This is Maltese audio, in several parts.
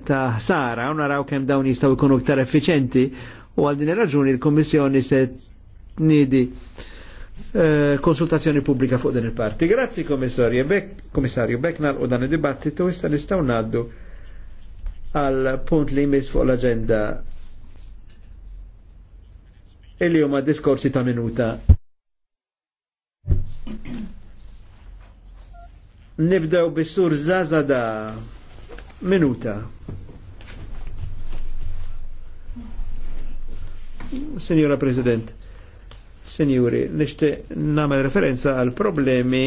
ta' Sara u naraw kemm dawn jistgħu jkunu aktar effiċenti u għal din ir-raġuni l-Kummissjoni se nidi eh, konsultazzjoni pubblika fuq din il-parti. Grazzi Kommissarju Bek, Kommissarju Beknal u dan id-dibattitu issa nistgħu ngħaddu għal punt li jmiss fuq l-aġenda illi huma diskorsi ta' minuta. Nibdew bis-sur Zazada. Minuta. Signora President, Signori, nishti namel referenza għal problemi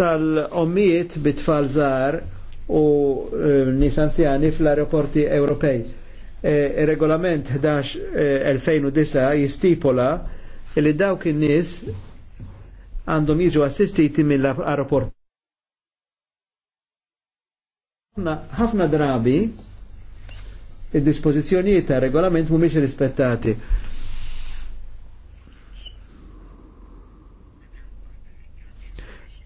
tal-ommijiet bit-tfal zar u eh, nis fl-aeroporti Ewropej. il e, e regolament 11-2009 e, jistipola li dawk in-nies għandhom jiġu assistiti mill aeroporti ħafna drabi id-dispożizzjonijiet ta' regolament mhumiex rispettati.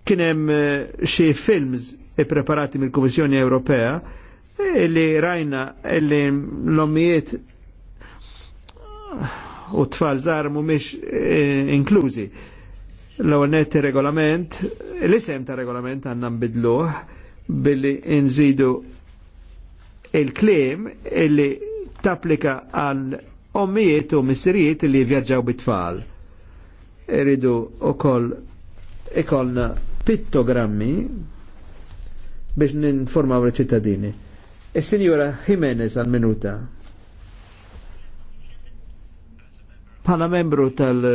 Kien hemm eh, xi films ippreparati mill-Kummissjoni Ewropea eh, li rajna eh, li l-ommijiet u tfal żgħar mhumiex inklużi. L-ewwel regolament, l-isem ta' regolament għandna nbidluh billi nżidu il-klim illi taplika għal ommijiet u missirijiet li vjaġġaw bit-tfal. Iridu u koll ikollna pittogrammi biex ninformaw l-ċittadini. Il-Sinjora Jimenez għal-minuta. Bħala membru tal-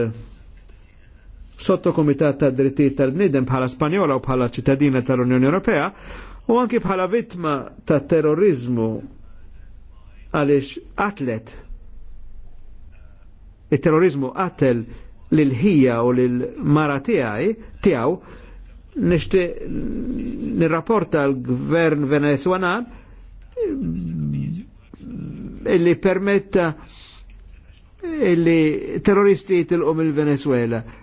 sotto komitat ta' dritti tal bnidem bħala Spanjola u bħala ċittadina tal-Unjoni Ewropea u anki bħala vittma ta' terrorizmu għaliex atlet il-terrorizmu għatel lil-ħija u lil-mara tiegħi tiegħu nixti nirrapporta l-gvern venezuelan illi permetta illi terroristi il jitilqom il-Venezuela il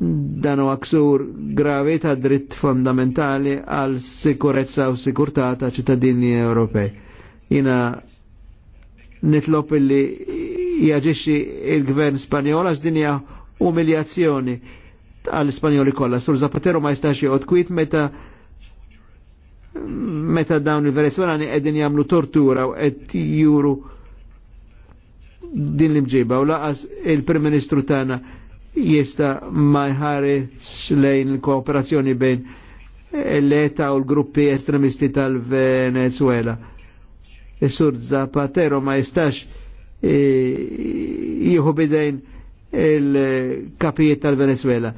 dan huwa ksur gravi ta' dritt fondamentali għal sikurezza u sikurtà ta' ċittadini Ewropej. Jina nitlob illi jaġixxi il-gvern Spanjol għax din hija umiljazzjoni għall ispanjoli kollha. Sur Zapatero ma jistax joqgħod kwit meta meta dawn il-Venezuelani qegħdin jagħmlu tortura u qed juru din l-imġiba u laqas il-Prim Ministru tagħna jista ma jħares lejn il-kooperazzjoni bejn l-ETA u l-gruppi estremisti tal-Venezuela. Is-sur Zapatero ma jistax eh, jihu bidejn il-kapijiet tal-Venezuela.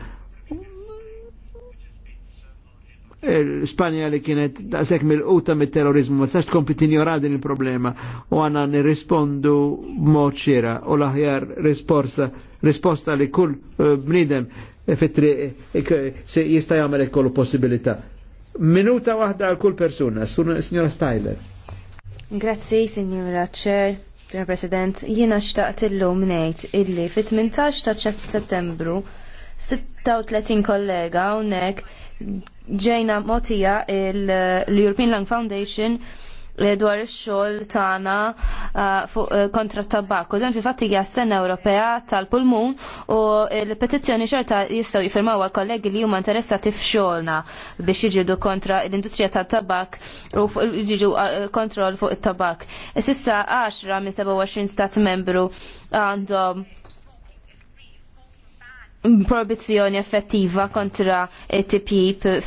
Spanja li kienet da' sekk mil-quta mit-terrorizmu, ma' sax tkompli injora din il-problema u għana nirrispondu mod xira u l-aħjar risposta li kull eh, bnidem eh, fitri eh, jista' jagħmel kollu possibilità. Minuta waħda għal kull persuna, signora Styler. Grazzi, signora Chair. President, jiena xtaqt illum ngħid illi fit-18 ta' settembru 36 kollega unnek ġejna motija l-European Lung Foundation eh, dwar ix-xogħol tagħna eh, eh, kontra kontra tabakku. Dan fi fatti hija s-sena Ewropea tal-pulmun u l-petizzjoni xorta jistgħu jiffirmaw għal kollegi li huma interessati f'xogħolna biex jiġidu kontra l-industrija tat-tabak u jiġu kontroll fuq it-tabak. Sissa 10 minn 27 stat membru għandhom proibizzjoni effettiva kontra ETP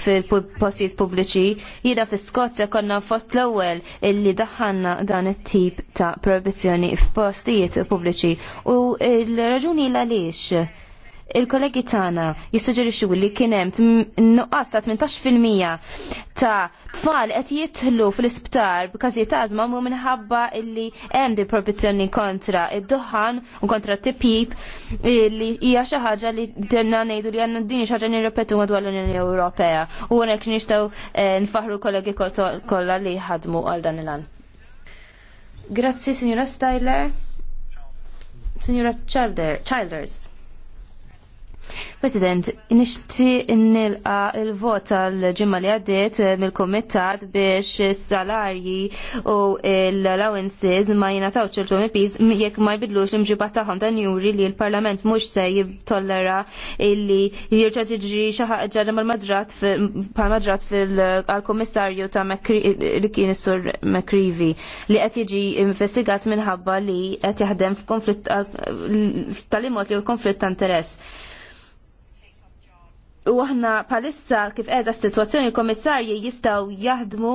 fil-postijiet pubbliċi. Jida fi Skozja konna fost l-ewwel illi daħanna dan it-tip ta' proibizzjoni f'postijiet pubbliċi u l-raġuni l-għaliex il-kollegi tagħna jissuġġerixxu li kien hemm nuqqas ta' 18% ta' tfal qed jitħlu fl-isptar b'każijiet ta' għażma mhu minħabba li hemm di proibizzjoni kontra id-duħan u kontra t tipip li hija xi ħaġa li denna ngħidu li għandna din xi ħaġa nirrepetu madwar l-Unjoni Ewropea u hekk nixtgħu eh, nfaħru kollegi kollha li ħadmu għal dan il-għan. Grazzi, Signora Styler. Signora Childers. President, nishti nilqa il-vot tal-ġimma li għaddiet eh, mill-komitat biex salarji u l-allowances ma jinataw ċertu MPs jekk ma jbidlux l imġibat taħħom dan juri li l-Parlament mux se jibtollera illi jirċa tiġri xaħġa mal-madrat pal-madrat fil-komissarju ta' li kien sur McCreevy li qed jiġi investigat minħabba li qed jaħdem f'konflitt tal-imot li konflitt ta' interess U aħna palissa kif qiegħda s-sitwazzjoni l-komissarji jistgħu jaħdmu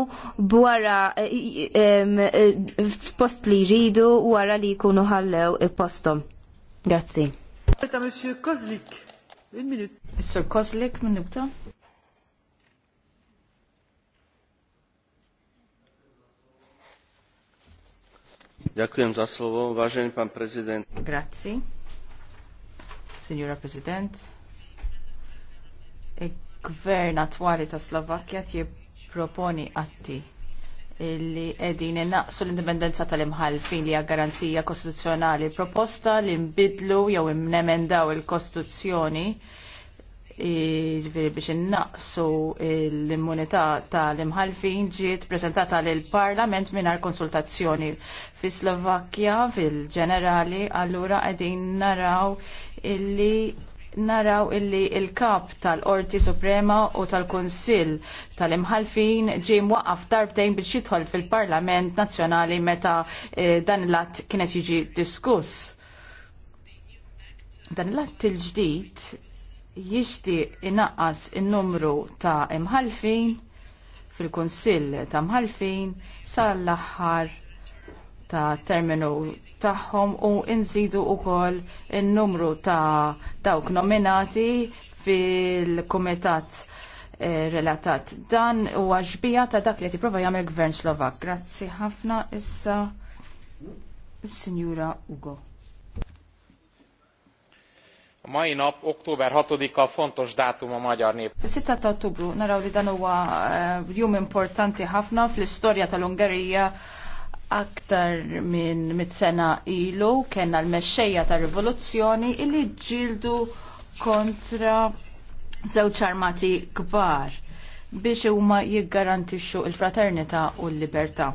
wara e, e, e, f'post li jridu wara li jkunu ħallew postom. Grazzi. Monsieur Kozlik, un minut. Sir Kozlik, minuta. Dziękuję za słowo, uważaj pan prezydent. Grazie. Signora prezydent il-gvern attwali ta' Slovakkja jipproponi atti li edin innaqsu l-indipendenza tal-imħalfin li garanzija kostituzzjonali proposta li nbidlu jew nemendaw il-kostituzzjoni ġifiri biex innaqsu l-immunità tal-imħalfin ġiet prezentata l parlament minar konsultazzjoni fi Slovakkja fil-ġenerali allura qegħdin naraw illi naraw illi il-kap tal-Qorti Suprema u tal-Kunsill tal-imħalfin ġie mwaqqaf darbtejn biex jidħol fil-Parlament Nazzjonali meta eh, dan l-att kienet jiġi diskuss. Dan l-att il-ġdid jixti inaqqas in-numru ta' imħalfin fil-Kunsill ta' imħalfin sal-aħħar ta' terminu tagħhom u nżidu wkoll in-numru ta' dawk nominati fil-kumitat eh, relatat. Dan huwa għaxbija ta' dak li tipprova jagħmel gvern Slovak. Grazzi ħafna issa Signora Ugo. A mai nap, október 6-a fontos dátum a magyar nép. 6 ta' ottubru, naraw li dan huwa eh, jum importanti ħafna fl-istorja tal-Ungerija aktar minn mit-sena ilu kena l-mexxejja ta' rivoluzzjoni illi ġildu kontra żewġ armati kbar biex huma jiggarantixxu l fraternità u l-libertà.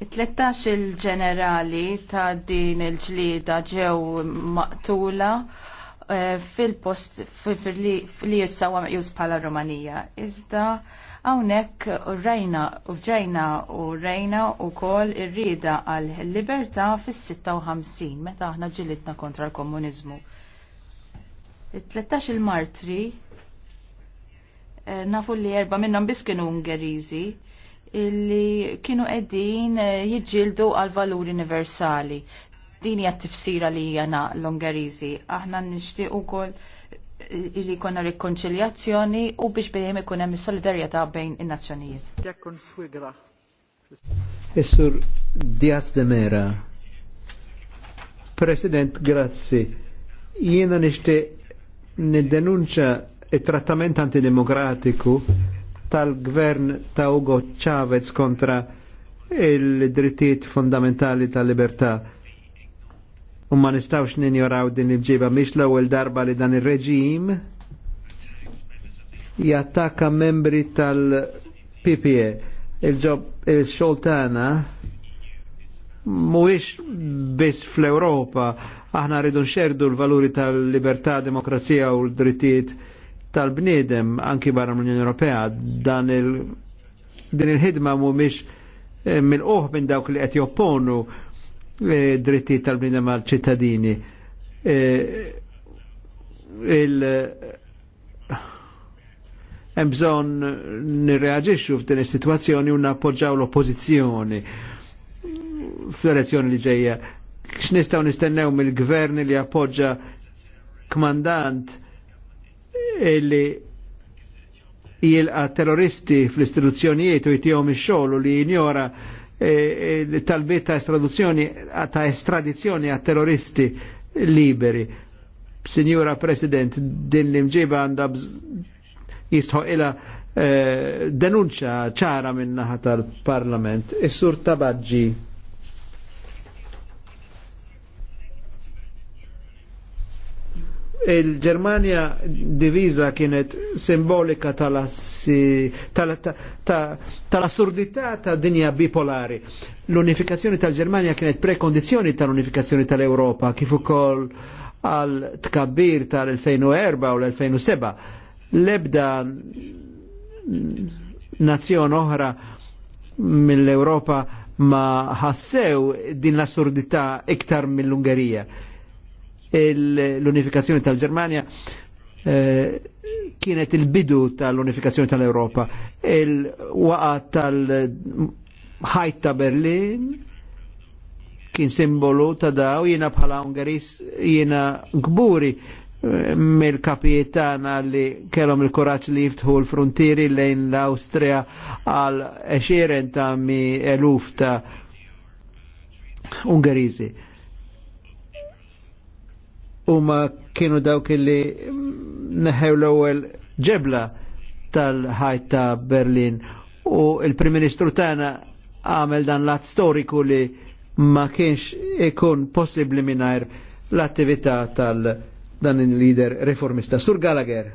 it tletax il-ġenerali ta' din il-ġlieda ġew maqtula eh, fil-post li jissa għam bħala Rumanija. Iżda Hawnhekk rajna u fġajna u rajna wkoll ir-rieda għal libertà fis-56 meta aħna ġilidna kontra l-komuniżmu. It-13 il-martri eh, nafu li erba minnhom biss kienu Ungeriżi illi kienu qegħdin eh, jiġġieldu għal valur universali. Din hija t-tifsira li jana l-Ungeriżi. Aħna nixtieq ukoll li konna rekonċiljazzjoni u biex bejjem ikun hemm bejn in-nazzjonijiet. Is-sur Diaz de Mera. President, grazzi. Jiena nixtieq niddenunċa il trattament antidemokratiku tal-gvern ta' Ugo Chavez kontra il-drittijiet fondamentali tal-libertà u ma nistawx ninjoraw din il-ġiba miex l-ewwel darba li dan ir-reġim jattakka membri tal-PPE il-ġob il-xoltana muwix biss fl europa aħna rridu nxerdu l-valuri tal-libertà, demokrazija u l-drittijiet tal-bniedem anki barra l unjoni Ewropea dan il din il-ħidma mhumiex eh, mill-qoħ minn dawk li qed jopponu E, dritti tal-bnidem għal ċittadini. E, il hemm bżonn f'din is-sitwazzjoni u nappoġġaw l oppozizjoni fl-elezzjoni li ġejja. X'nistgħu nistennew mill-gvern li appoġġa kmandant illi jilqa terroristi fl-istituzzjonijiet u jtihom ix-xogħol u li jinjora E, e, talbiet ta' estraduzzjoni ta' estradizzjoni a terroristi liberi. Signora President, din l-imġiba għanda jistħu ila e, denunċa ċara minnaħa tal-Parlament. Is-sur e Tabaġġi. il-Germania divisa kienet simbolika tal-assurdità tal tal ta' dinja bipolari. L-unifikazzjoni tal-Germania kienet prekondizjoni tal-unifikazzjoni tal-Europa kif ukoll għal tkabbir tal-2004 u l-2007. Lebda nazzjon oħra mill-Europa ma ħassew din l-assurdità iktar mill-Ungerija l-unifikazzjoni tal-Germania eh, kienet il-bidu tal-unifikazzjoni tal-Europa. Il-waqa tal-ħajt ta' Berlin kien simbolu ta' daw jiena bħala Ungaris jiena gburi eh, mill-kapietana li kellhom il-kuraġġ li jiftħu l-frontieri lejn l-Awstrija għal 20 ta' mi eluf ta' Ungarizi huma kienu dawk li neħew l-ewwel ġebla tal-ħajt ta' Berlin u il-Prim Ministru tagħna għamel dan l-att storiku li ma kienx ikun possibbli mingħajr l-attività tal dan il-lider reformista. Sur Gallagher.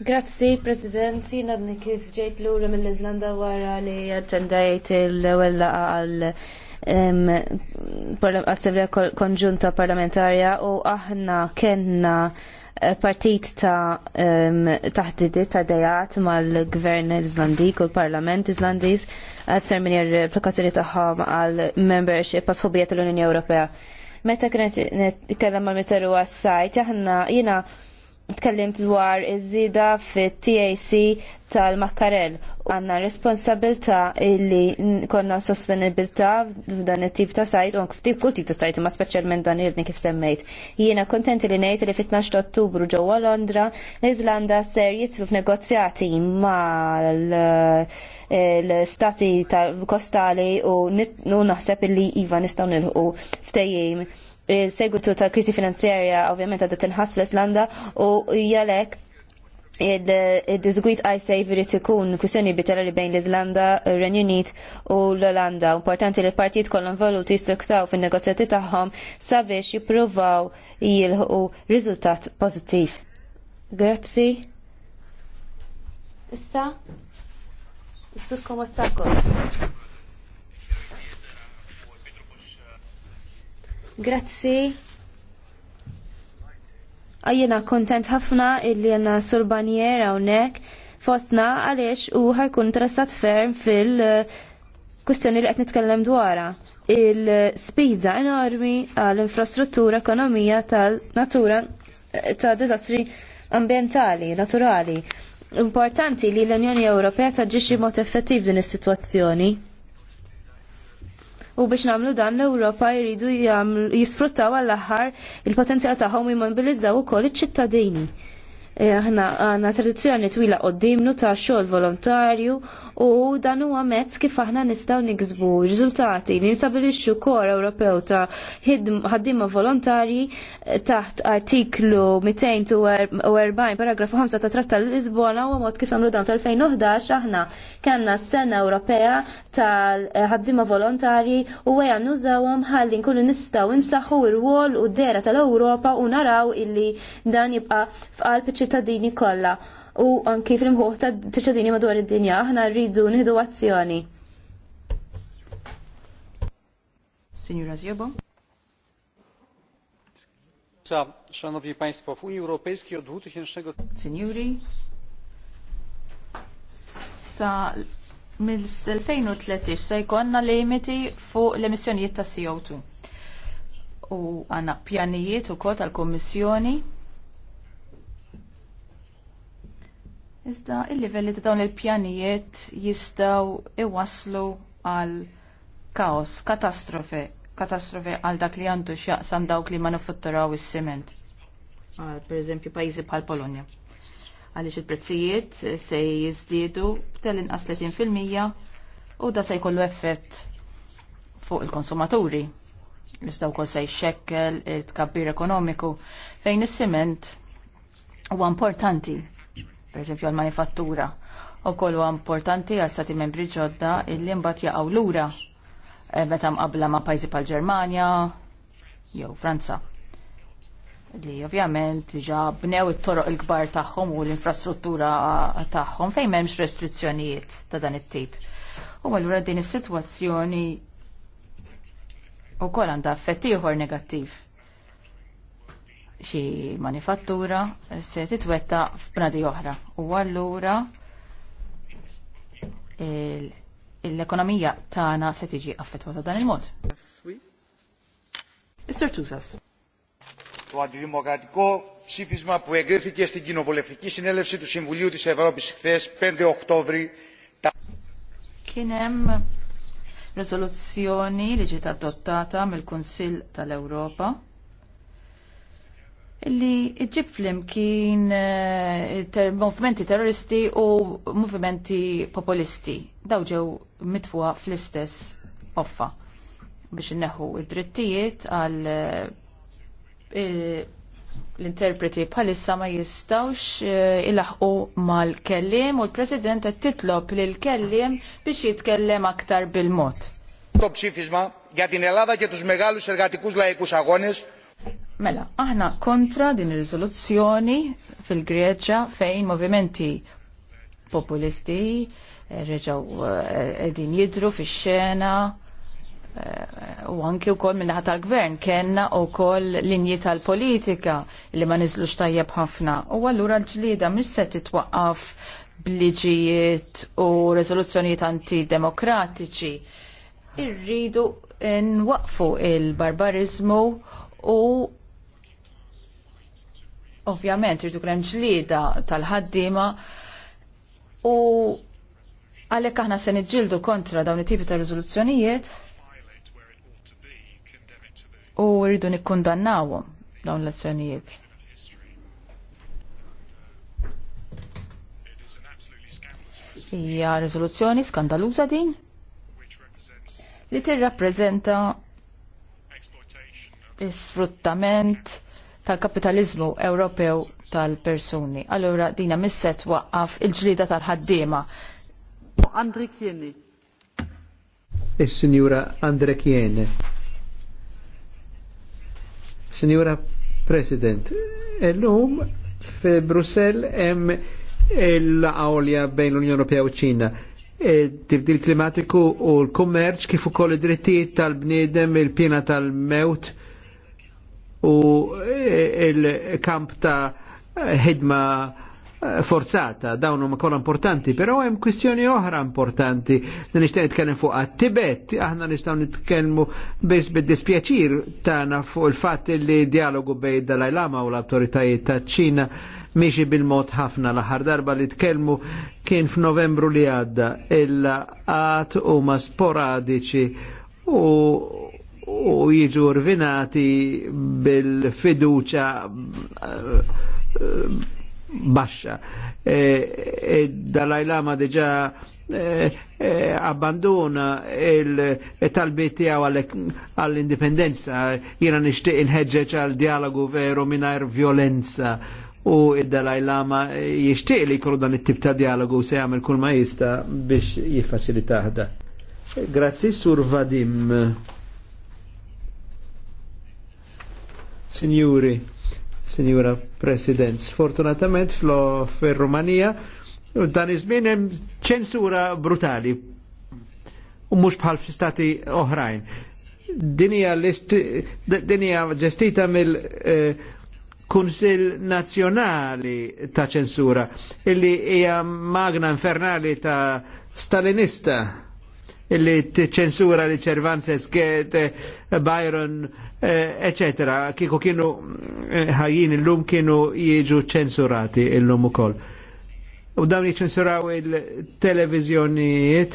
Grazzi, President, jina kif ġejt l-ura mill-Izlanda wara li attendajt l-ewel għal Assemblea Konġunta Parlamentarja u aħna kena eh, partit ta' taħdidi ta' dejat mal-gvern Islandik u l-parlament Islandis għal minn l-applikazzjoni tagħhom għal membership għas tal-Unjoni Ewropea. Meta kienet kellem mal misteru għas-sajt, aħna jina tkellimt dwar iż-żida fit-TAC tal-makkarel u għanna responsabilta illi konna sostenibilta f'dan it-tip ta' sajt u f'tip kull tip ta' sajt ma' speċjalment dan irni kif semmejt. Jiena kontenti li ngħid li fit-12 Ottubru ġewwa Londra l izlanda ser jitlu f'negozjati mal eh, l-stati kostali u naħseb illi iva nistgħu nilħu f'tejim segwitu ta' kriżi finanzjarja ovvjament għadha tinħass fl-Islanda u jalek id-dizgwit għajsej irrid ikun kwistjoni bitarali bejn l izlanda ir-Renju Unit u l-Olanda. Importanti li l-partijiet kollhom valuti jistuktaw fin-negozjati tagħhom sabiex jippruvaw jilħu riżultat pożittiv. Grazzi. Issa, Sur Komatsakos. Grazzi. Għajjena kontent ħafna illi għanna surbanier unnek fostna għaliex u ħajkun trassat ferm fil-kustjoni eh, li qed nitkellem dwarha. il spiza enormi għall-infrastruttura ekonomija tal-natura eh, ta' dizastri ambientali, naturali. Importanti li l-Unjoni Ewropea taġġixxi mod effettiv din is-sitwazzjoni u biex namlu dan l-Ewropa jridu jisfruttaw għall-aħħar il-potenzjal tagħhom jimmobilizzaw ukoll iċ-ċittadini. E, aħna għandna tradizjoni twila qoddimnu ta' xogħol volontarju u dan huwa mezz kif aħna nistgħu niksbu riżultati li nsabilixxu kor Ewropew ta' ħaddiema volontarji taħt artiklu 240 er-, paragrafu 5 ta' Tratta l-Lisbona u mod kif nagħmlu dan fl-2011 aħna kellna s-sena Ewropea tal-ħaddiema volontarji u għeja nużawhom ħalli nkunu nistgħu insaħħu r wol u d-dera tal-Ewropa u naraw illi dan jibqa' f'qalb ċittadini kollha u anki fl-imħuħ ta' ċittadini madwar id-dinja aħna rridu nħidu azzjoni. Signora Zjobo. Szanowni Państwo, w Unii Europejskiej od 2000... Signori, sa mill-2013 se jkollna limiti fuq l-emissjonijiet ta' CO2. U għandna pjanijiet ukoll tal kummissjoni Iżda il-livelli ta' dawn il-pjanijiet jistaw iwaslu għal kaos, katastrofe, katastrofe għal dak li għandu xaqsam dawk li manufatturaw is-siment. Per eżempju, pajizi bħal Polonja. Għaliex il-prezzijiet se jizdiedu b'tel-inqas 30% u da se jkollu effett fuq il-konsumaturi. Iżda wkoll se jxekkel it-tkabbir ekonomiku fejn is-siment huwa importanti per esempio għal-manifattura. U kollu importanti għal-stati membri ġodda illi mbagħad jaqgħu lura eh, meta mqabla ma' pajzi bħal Ġermanja jew Franza. Li ovvjament diġà bnew it-toroq il-kbar tagħhom u l-infrastruttura tagħhom fejn m'hemmx restrizzjonijiet ta' dan it-tip. U allura din is-sitwazzjoni u kol għanda ieħor negattiv xi manifattura se titwetta f'bnadi oħra. U allura l-ekonomija tagħna se tiġi affettwata dan il-mod. Mr. Tusas. Το αντιδημοκρατικό ψήφισμα που εγκρίθηκε στην κοινοβουλευτική συνέλευση του Συμβουλίου της Ευρώπης χθες 5 Οκτώβρη Kienem rezoluzzjoni li ġiet adottata mill-Kunsill tal-Ewropa li iġib flimkien eh, movimenti terroristi u movimenti populisti. Daw ġew mitfuha fl-istess offa biex inneħu id-drittijiet għal eh, l-interpreti bħalissa ma jistawx eh, ilaħqu mal-kellim u l-President qed titlob lil kellim biex jitkellem aktar bil-mod. Το ψήφισμα για την Ελλάδα και τους μεγάλους εργατικούς λαϊκούς αγώνες Mela, aħna kontra din ir-riżoluzzjoni fil-Greċja fejn movimenti populisti eh, reġaw edin eh, jidru fi xena eh, u anki u kol minnaħat tal-gvern kena u kol linji tal-politika li ma nizlux tajjeb ħafna u għallura l-ġlida mis se titwaqqaf bliġijiet u rezoluzzjonijiet antidemokratiċi irridu nwaqfu il-barbarizmu u Ovvjament, rridu hemm ġlieda tal-ħaddiema u għalhekk aħna se niġġieldu kontra dawn it-tipi ta' riżoluzzjonijiet u rridu nikkundannawhom dawn l-azzjonijiet. Hija riżoluzzjoni skandaluża din li tirrappreżenta is-sfruttament tal-kapitalizmu Ewropew tal-persuni. Allura dina misset waqqaf il-ġlida tal-ħaddiema. Andri Kieni. Il-Sinjura Andre Kiene. Eh, Sinjura President, l-lum fi Brussel hemm l għawlja bejn l-Unjoni Ewropea u Ċina. E, tibdil klimatiku u l-kummerċ kif ukoll id-drittijiet tal-bniedem il-pjena tal-mewt u il-kamp ta' ħidma forzata, dawn huma kollha importanti, però hemm kwistjoni oħra importanti li nixtieq nitkellem fuq għat-Tibet, aħna nistgħu nitkellmu biss bid-dispjaċir tagħna fuq il-fatt li dialogu bej Dalai Lama u l-awtoritajiet taċ-Ċina miexi bil-mod ħafna l-aħħar darba li tkellmu kien f'Novembru li għadda il-qat huma sporadiċi u u jiġu rvinati bil-fiduċa eh, baxxa. E, Dalai Lama diġa abbandona il-talbiet tiegħu għall-indipendenza, jiena nixtieq inħeġġeġ għal dialogu veru mingħajr violenza u id-Dalaj Lama jixtieq li jkollu dan it-tip ta' dialogu se jagħmel kull ma jista' biex jiffaċilitaħda. Grazie Grazzi Sur Vadim. Signuri, Signora Presidents, fortunatamente flo fer Romania, dan izmin żmien hemm ċensura brutali u mhux bħal f'stati oħrajn. Dinija dinija ġestita mill eh, Kunsil Nazzjonali ta' ċensura illi hija magna infernali ta' stalinista illi t-ċensura li ċervanzes Byron Eh, eccetera, kiko kienu eh, ħajjin illum kienu jieġu ċensurati illum ukoll. U dawn jiċensuraw il-televizjonijiet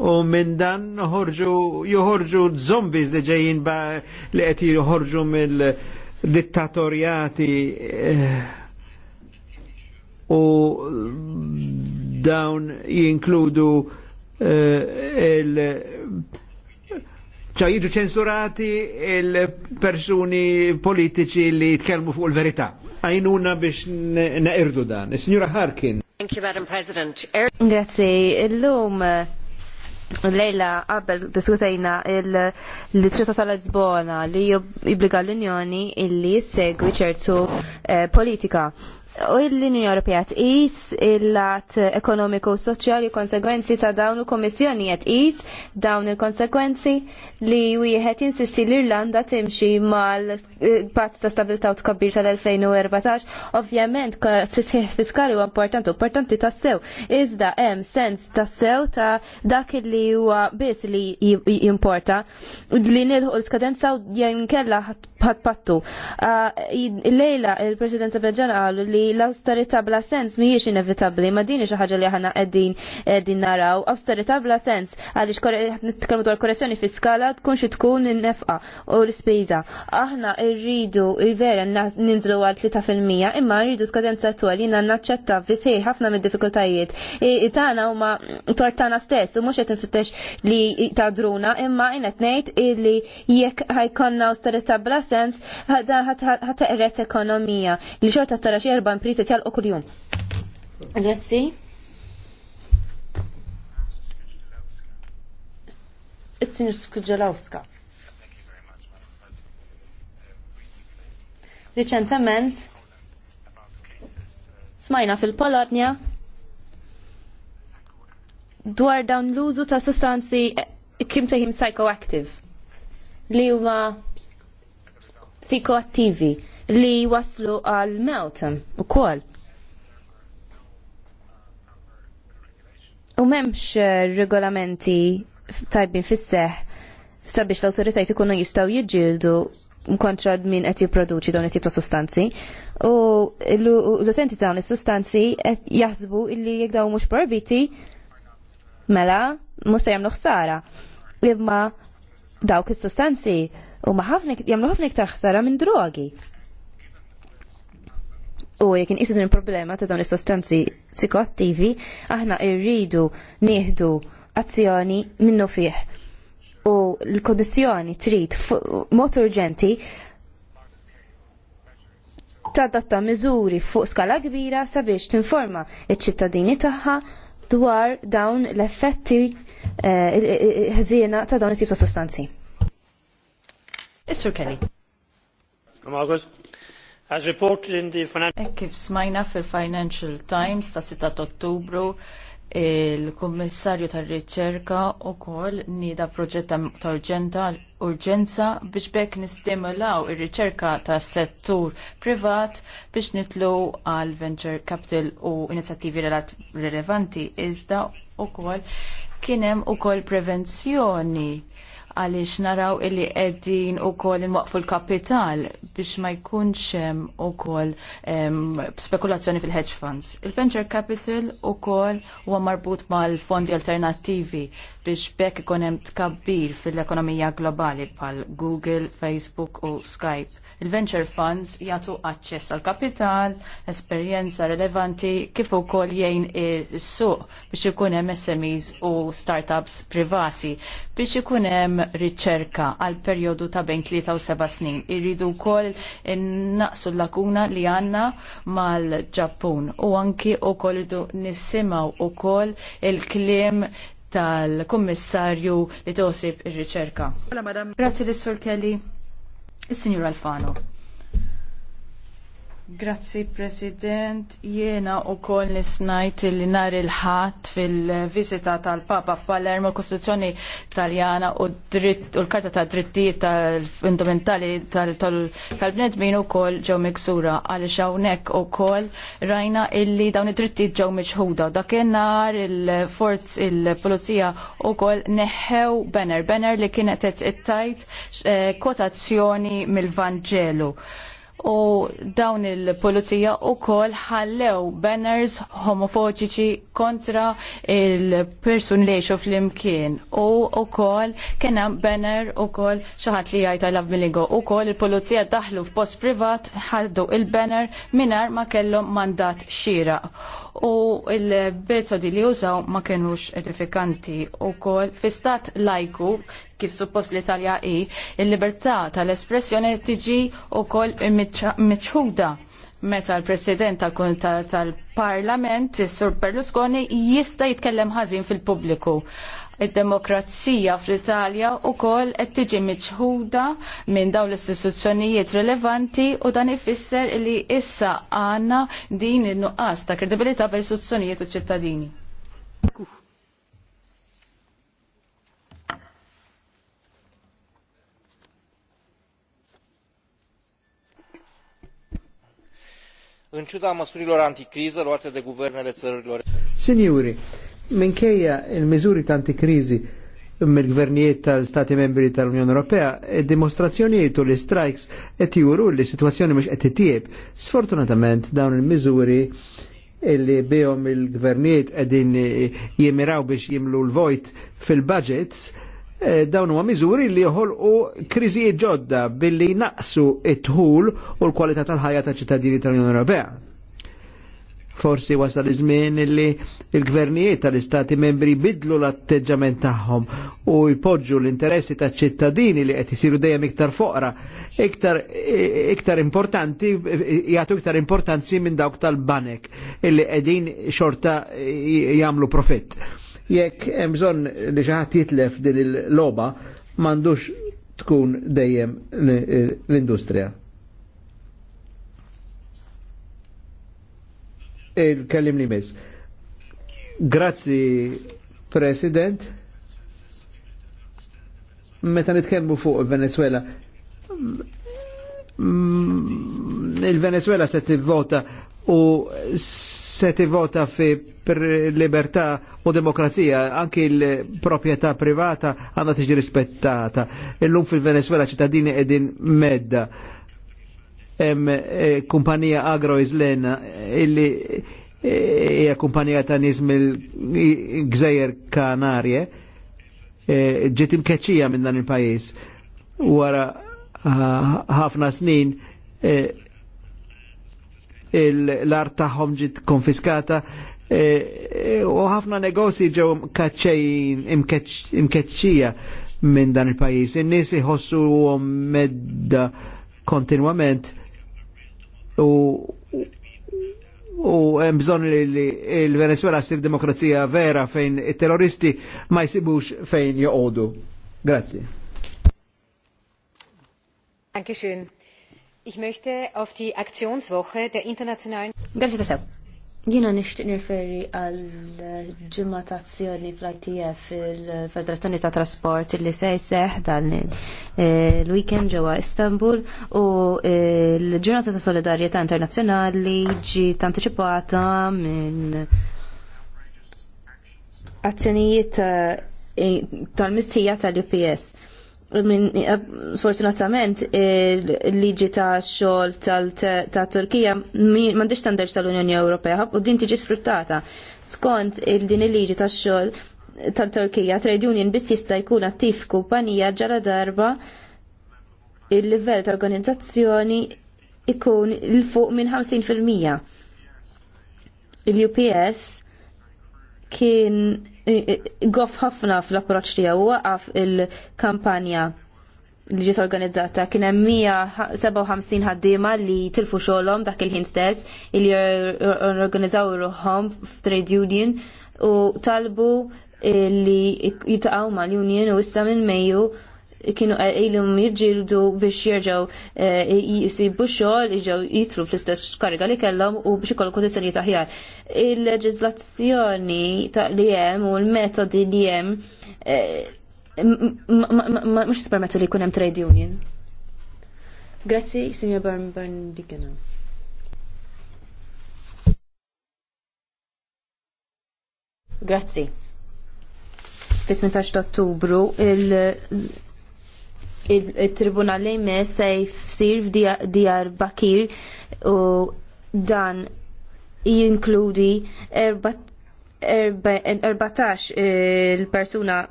u minn dan ħorġu joħorġu zombies li ġejjin ba li qed joħorġu mill-dittatorjati eh, u dawn jinkludu il- uh, ċa jiġu ċensurati il-persuni politiċi li jitkelmu fuq il-verità. Għajnuna biex neqirdu dan. Signora Harkin. Thank you, Madam President. Er- Grazie. Illum Lejla qabel diskutejna l ċetta tal-Lisbona li jibliga l-Unjoni illi jissegwi ċertu eh, politika u l-Unjoni Ewropea tqis il-lat ekonomiku u soċjali konsegwenzi ta' dawn u kommissjoni qed tqis dawn il-konsekwenzi li wieħed insisti l-Irlanda timxi mal-Pazz ta' Stabilità u Tkabbir tal-2014. Ovvjament tisħiħ fiskali huwa importanti, importanti tassew. Iżda hemm sens tassew ta' dak li huwa biss li jimporta li nilħu l-skadenza u jinkella ħatpattu. Ah, lejla il-Presidenza Belġana qalu li l-austerità bla sens mhijiex inevitabbli, ma din xi ħaġa li ħana qegħdin din naraw. Austerità bla sens għaliex nitkellmu dwar korrezzjoni fiskala tkun xi tkun innefqa u l-ispiża. Aħna rridu il-vera ninżlu għal 3% imma rridu skadenza twal jiena naċċetta fisħej ħafna mid-diffikultajiet. Tagħna huma tortana stess u mhux qed nfittex li tadruna imma qed ngħid illi jekk ħajkonna austerità bla sens ħateqret ekonomija li xorta tara xi erba' għan t-tjal u kull-jum. Grazzi. It-sinjur Skudġelawska. smajna fil-Polonja dwar dawn l-użu ta' sostanzi kim teħim psychoactive li huma psikoattivi li waslu għal mewt ukoll. U m'hemmx eh, regolamenti tajbin fis sabiex l-autoritajt ikunu jistaw jġildu mkontra min qed jipproduċi dawn it-tip ta' sustanzi. U l-utenti ta' dawn is-sustanzi qed jaħsbu illi jekk dawn mhux probiti mela mhux se jagħmlu ħsara. Imma dawk is-sustanzi huma ħafna jagħmlu ħafna iktar ħsara minn drogi u jek inqisu din il-problema ta' dawn is-sostanzi psikoattivi, aħna rridu nieħdu azzjoni minnu fih. U l-Komissjoni trid mod urġenti tadatta miżuri fuq skala kbira sabiex tinforma iċ-ċittadini tagħha dwar dawn l-effetti eh, ħżiena ta' dawn it-tip ta' sostanzi. Is-Sur Kelly. As reported in the Financial e Kif smajna fil-Financial Times ta' 6 Ottubru, il-Kummissarju tar-Riċerka wkoll nieda proġett ta' urġenta urġenza biex bekk nistimulaw ir-riċerka tas settur privat biex nitlu għal venture capital u inizjattivi rilevanti iżda wkoll kien hemm ukoll prevenzjoni għaliex naraw illi qegħdin ukoll inwaqfu l-kapital biex ma jkunx hemm ukoll spekulazzjoni fil-hedge funds. Il-venture capital ukoll huwa marbut mal-fondi alternattivi biex bekk ikun hemm tkabbir fil-ekonomija globali bħal Google, Facebook u Skype. Il-venture funds jagħtu aċċess għal kapital, esperjenza rilevanti kif ukoll jgħin is-suq biex ikun hemm SMEs u startups privati biex ikun hemm riċerka għal perjodu ta' bejn tlieta u seba' snin. Irridu wkoll naqsu l-lakuna li għandna mal-Ġappun u anki wkoll nissimaw nisimgħu wkoll il-kliem tal-Kummissarju li tosib ir-riċerka. Grazzi l-Sur Kelly, is-Sinjur Alfano. Grazzi President, jiena u koll nisnajt li nar il-ħat fil-vizita tal-Papa f'Palermo Kostituzzjoni Taljana u u l-Karta ta' drittijiet tal-fundamentali tal-bnedmin u koll ġew miksura għal hawnhekk u koll rajna illi dawn id-drittijiet ġew miċħuda. Dakken nar il-forz il-Pulizija u koll neħew bener bener li kienet tajt eh, kotazzjoni mill vangelu u dawn il-polizija u kol ħallew banners homofoġiċi kontra il-person li xo fl-imkien u u kol kena banner u kol xaħat li jajta love milingo u kol il-polizija daħlu f'post privat ħaddu il-banner minar ma kellhom mandat xira u il-metodi li użaw ma kienux edifikanti u kol fistat lajku kif suppost l-Italja i il-libertà tal-espressjoni tiġi u kol miċħuda meta l-President tal-Parlament, Sur Berlusconi, jista jitkellem ħażin fil-pubbliku. Id-demokrazija fl-Italja wkoll qed tiġi miċħuda minn dawn l-istituzzjonijiet rilevanti u dan ifisser li issa għandna din in-nuqqas ta' kredibilità bejn istituzzjonijiet u ċittadini. în ciuda măsurilor anticriză luate de guvernele țărilor. Signori, minkejja il-miżuri ta' antikrizi mill-gvernijiet tal-Stati membri tal-Unjoni Ewropea, dimostrazzjonijiet u l-strikes qed juru li situazzjoni mhux qed titjieb. Sfortunatament dawn il-miżuri illi bihom il-gvernijiet qegħdin jimiraw biex jimlu l-vojt fil-budgets, eh, dawn huwa miżuri li joħolqu kriżijiet ġodda billi naqsu it-tħul u l-kwalità tal-ħajja ta' ċittadini tal-Unjoni Ewropea forsi wasal iż-żmien li il-gvernijiet tal-istati membri bidlu l-atteġġament tagħhom u jpoġġu l-interessi taċ-ċittadini li qed isiru dejjem iktar foqra iktar, iktar importanti jagħtu iktar importanzi minn dawk tal-banek illi qegħdin xorta jagħmlu profitt. Jekk hemm bżonn li xi ħadd jitlef din il-logħba m'għandux tkun dejjem l-industrija. il-kellim li mis. Grazzi, President. Meta nitkellmu fuq il Venezuela, mm, il-Venezuela se vota u se vota fi libertà u demokrazija, anki il propieta privata għanna tiġi rispettata. Il-lum fil-Venezuela ċittadini edin medda Eh, kumpanija agro-izlena illi eh, hija kumpanija ta' nizm mill-Gżejjer Kanarje eh, ġiet imkeċija minn dan il-pajjiż wara ħafna snin l-art tagħhom ġiet konfiskata u ħafna negozji ġew kaċċejn imkeċċija minn dan il-pajjiż. In-nies iħossu medda kontinwament u u hemm bżonn li l-Venezuela sir demokrazija vera fejn it-terroristi ma jsibux fejn joqogħdu. Grazzi. Dankeschön. Ich möchte auf die Aktionswoche der internationalen Grazie tassew. Jina nishtiq nirferi għal ġimatazzjoni fl-ITF fil federazzjoni ta' Trasport li sej seħ dan l-weekend ġewwa Istanbul u l-ġurnata ta' solidarjetà internazzjonali ġiet antiċipata minn azzjonijiet eh, tal mistijiet tal-UPS min, sfortunatament il-liġi ta' xogħol ta' Turkija m'għandix standards tal-Unjoni Ewropea u din tiġi sfruttata. Skont il-din il-liġi ta' xogħol tal-Turkija, trade union biss jista' jkun attiv kumpanija ġara darba il-livell ta' organizzazzjoni ikun il-fuq minn 50%. Il-UPS kien goff ħafna fl-approċ tiegħu għaf il-kampanja li ġis organizzata kien hemm 157 ħaddiema li tilfu xogħolhom dak il-ħin stess li organizzaw ruħhom f'trade union u talbu li jitaqgħu mal-union u issa minn Mejju kienu għajlum jirġildu biex jirġaw eh, jisibu xol, jirġaw jitru fl-istess kariga li kellhom u biex jikollu kondizjoni taħjar. Il-leġizlazzjoni ta' li jem u l-metodi li jem eh, mux t-permetu li kunem trade union. Grazzi, signor Barn Dikena. Grazzi. Fit-18 ottubru il il-tribunal li se jfsir f'Djar Bakir u dan jinkludi 14 eh, il-persuna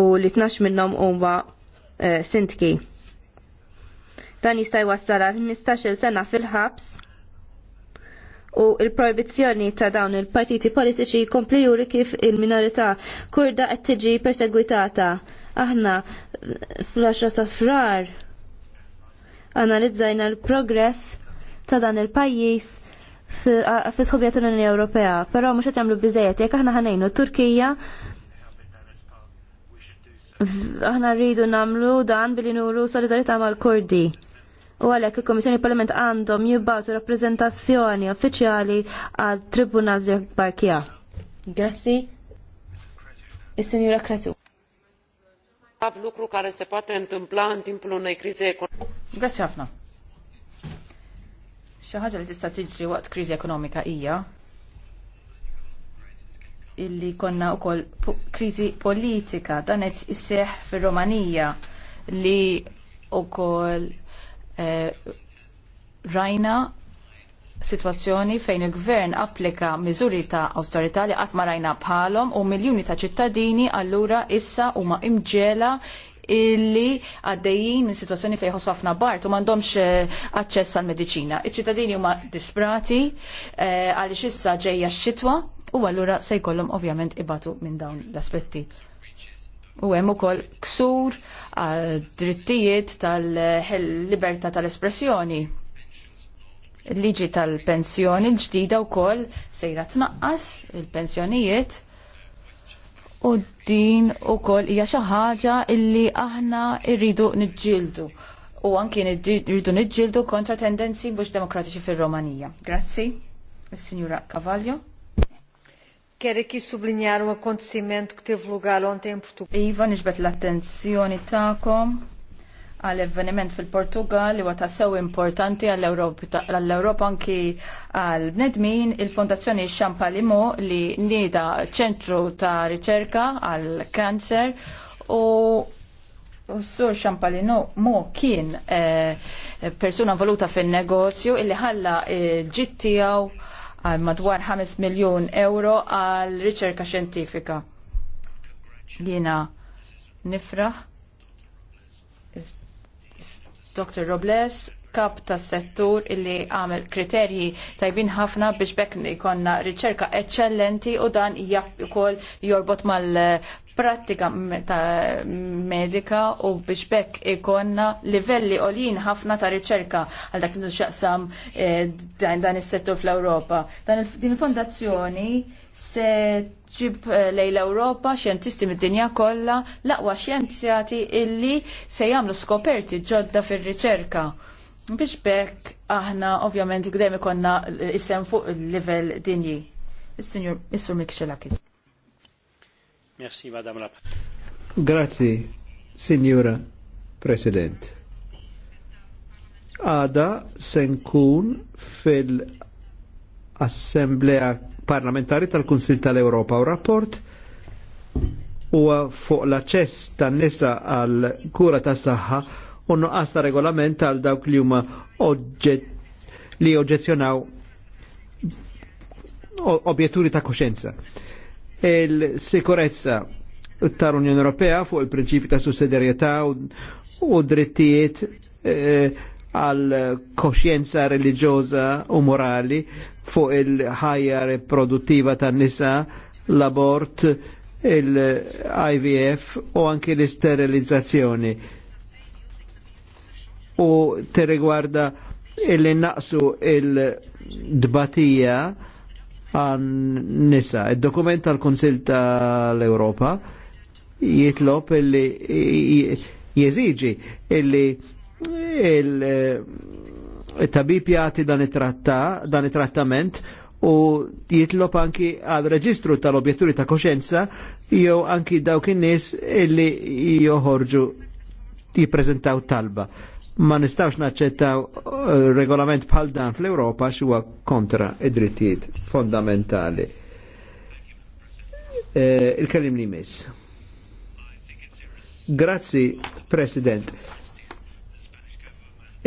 u li 12 minnhom huma eh, sintki. Dan jista' jwassal 15-il sena fil-ħabs u il-proibizzjoni ta' dawn il-partiti politiċi jkompli juri kif il-minorità kurda qed tiġi persegwitata Aħna fl ta' frar analizzajna l-progress ta' dan il-pajjiż fis-sħobja tal-Unjoni Ewropea, però mhux qed jagħmlu biżejjed jekk aħna ħanejnu Turkija aħna rridu nagħmlu dan billi nuru solidarità mal-Kurdi. U għalhekk il-Komissjoni Parlament għandhom jibbatu rappresentazzjoni uffiċjali għal Tribunal Barkija. Grazzi. Is-Sinjura Kratu lucru care se poate întâmpla în timpul unei crize economice. Grazie ħafna. Xi ħaġa li tista' tiġri waqt kriżi ekonomika hija illi konna wkoll kriżi politika dan qed isseħħ fir-Romanija li wkoll eh, rajna situazzjoni fejn il-gvern applika miżuri ta' austerità li qatt ma rajna bħalhom u miljuni ta' ċittadini allura issa huma imġela illi għaddejjin minn situazzjoni fejn ħossu ħafna bart u m'għandhomx eh, aċċess għall mediċina Iċ-ċittadini huma disprati eh, għaliex issa ġejja x-xitwa u allura se jkollhom ovvjament ibatu minn dawn l-aspetti. U hemm ukoll ksur għad-drittijiet drittijiet tal-libertà tal-espressjoni liġi tal-pensjoni l-ġdida wkoll sejra tnaqqas il-pensjonijiet u din ukoll hija xi ħaġa illi aħna rridu niġġieldu u anki rridu niġġieldu kontra tendenzi mhux demokratiċi fir-Romanija. Grazzi, is-Sinjura Cavallo. Kere ki sublinjar u um kont siment ktiv lugal tempu. Iva, nixbet l-attenzjoni ta'kom għal avveniment fil-Portugal li għata sew importanti għall-Europa anki għal-bnedmin il-Fondazzjoni Xampalimo li nida ċentru ta' riċerka għal-kanċer u Sur Xampalino mo kien eh, persuna voluta fin negozju illi ħalla ġittijaw għal madwar 5 miljon euro għal riċerka xjentifika. Jiena nifraħ Dr. Robles kap ta' settur illi għamel kriterji tajbin ħafna biex bekni konna riċerka eccellenti u dan ukoll jorbot mal prattika medika u biex bekk ikonna livelli olin ħafna ta' riċerka għal dak li xaqsam eh, dan is-settur fl-Ewropa. Dan il-fondazzjoni se ġib eh, lejn l-Ewropa xjentisti mid-dinja kollha l-aqwa xjentjati illi se jagħmlu skoperti ġodda fir-riċerka Biex bekk aħna ovvjament għdem ikonna isem fuq il-level dinji. Is-Sinjur Missur Mikxelakis. Merci, Madame Lap. Grazie, Signora President. Għada senkun fil-Assemblea Parlamentari tal-Kunsil tal-Europa u rapport u fuq l-aċess tan-nisa għal kura tas-saħħa u nuqqas ta' regolament għal dawk li huma li oġġezzjonaw objetturi ta' koxenza. Il-sikurezza tal-Unjoni Ewropea fuq il-prinċipi ta' sussidjarjetà u drittijiet eh, għal koxjenza religjosa u morali fuq il-ħajja reproduttiva tan nisa l-abort, il-IVF u anke l-isterilizzazzjoni u tirrigwarda illi naqsu il-dbatija għan nisa. Il-dokument tal-Konsil tal-Europa jitlop illi jeżiġi illi il-tabib jati dan it-trattament u jitlop anki għal reġistru tal-objetturi ta' koxenza jew anki dawk in-nies illi joħorġu jiprezentaw talba ma nistawx naċċettaw eh, regolament bħal dan fl-Europa xuwa kontra id-drittijiet fondamentali. Eh, il kelim li miss. Grazzi, President.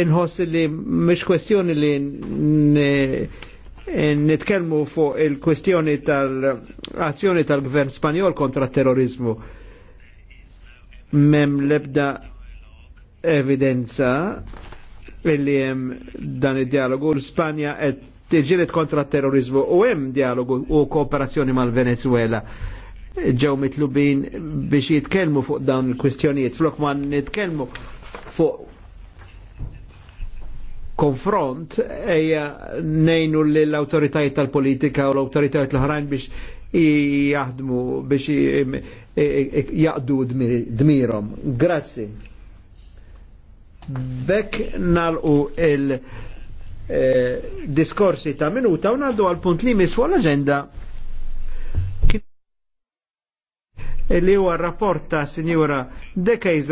Inħoss li mhix kwestjoni li nitkellmu fuq il-kwestjoni tal-azzjoni tal-gvern Spanjol kontra terrorizmu. Mem lebda evidenza illi jem dan id-dialogu l-Spanja qed tiġilet kontra terrorizmu u hemm dialogu u kooperazzjoni mal-Venezuela ġew mitlubin biex jitkellmu fuq dawn il-kwistjonijiet flok ma nitkellmu fuq konfront eja nejnu l-autoritajiet tal-politika u l-autoritajiet l-ħrajn biex jaħdmu biex jaqdu dmirom. Grazzi. Bekk nalqu il-diskorsi eh, ta' minuta u naddu għal punt li misfu l-agenda eh, li huwa rapport ta' Sinjura De Kaiser